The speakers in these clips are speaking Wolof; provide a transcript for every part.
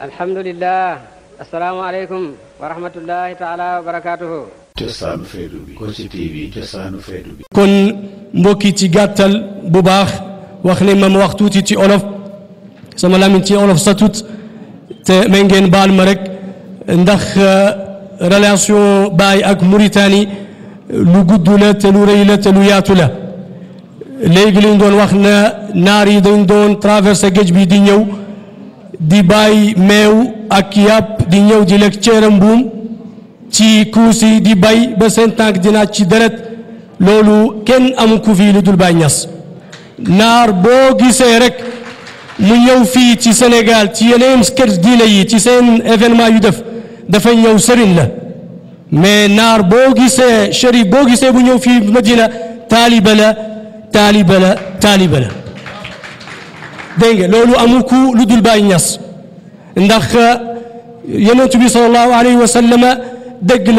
alhamdulillah asalaamaaleykum wa rahmatullahi taala wa barakaatuhu cosaanu feetu bi TV kon mbokki ci gàttal bu baax wax leen ma ma wax tuuti ci olof sama làmmiñ ci olof satut te may baal ma rek ndax euh, relation Baye ak Mauritanie lu gudd la te lu rëy te lu yaatu la léegi liñ wax na naar yi dañ doon traversé géej bi di ñëw di bàyyi meew ak yàpp di ñëw di lekk ceera mbuum ci kuusi di bay ba seen tànk dinaa ci deret loolu kenn amu ku fii lu dul Baay Ñas naar boo gisee rek mu ñëw fii ci Sénégal ci yeneen kër diine yi ci seen événement yu def dafay ñëw serin la mais naar boo gisee chérif boo gisee bu ñëw fii Madina taaliba la taaliba la taaliba la دينغ لولو أموكو و لودول بای نەس ئەنداخە یەنەتوبی الله عليه وسلم دقل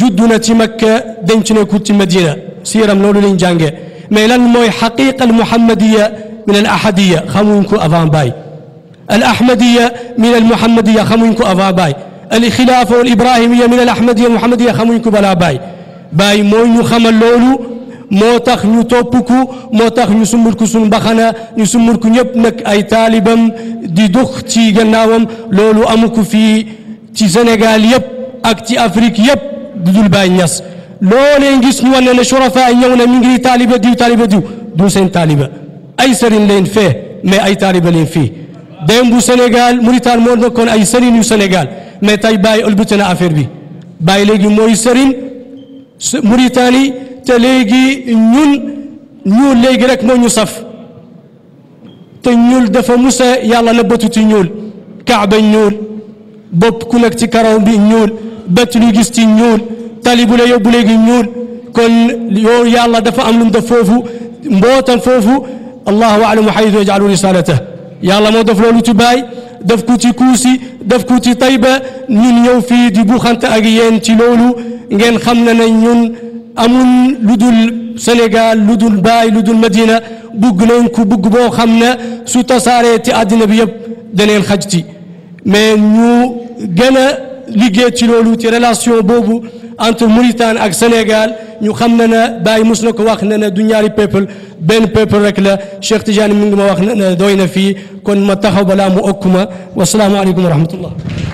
جدنا جدونەتی مەکە دەنگچنە مدينة مدینە سيرم لولو لنجانجة ميلان موي حقيقة المحمدية من الأحدية خمونكو أفان باي الأحمدية من المحمدية خمونكو أفان باي الخلافة والإبراهيمية من الأحمدية المحمدية خمونكو بلا باي باي موي خمال لولو moo tax ñu topp ko moo tax ñu sumbul ko suñu mbaxana ñu sumbul ko ñëpp nag ay taalibam di dox ci gannaawam loolu amu ko fii ci Sénégal yëpp ak ci Afrique yëpp du dul Baay Ñas loolee ngis ñu wane ne shurafa ñëw na mi ngi taaliba diw taaliba diw du seen taaliba ay sëriñ leen fee mais ay taaliba leen fii démbu Sénégal Mauritanie moo nekkoon ay sëriñ yu Sénégal mais tey Baay ëlbati na affaire bi Baay léegi mooy sëriñ Mauritanie te léegi ñun ñuul léegi rek moo ñu saf te ñuul dafa musa yàlla la bëtuti ñuul kaaba ñuul bopp ku nekk ci karaw bi ñuul bët lu gis ci ñuul tali bu la yóbbu léegi ñuul kon yow yàlla dafa am lu mu def foofu mbootam foofu allahu alamu xaytu yajalu risalata yàlla moo def loolu ci baay def ko ci kuusi def ko ci tayba ñun ñëw fii di buxante ak yéen ci loolu ngeen xam ne ne ñun amul ludul Sénégal ludul bay ludul medina bugg nañ ko bugg bo xamne su tasaaree ci adina bi yeb daneen xajti mais ñu gëna liggé ci lolu ci relation bobu entre mauritan ak Sénégal ñu xamna na bay musna ko wax na ne du ñaari peuple ben peuple rek la Cheikh Tidiane mi ngi ma wax na ne doy na kon ma taxaw bala mu okuma wa assalamu alaykum wa rahmatullah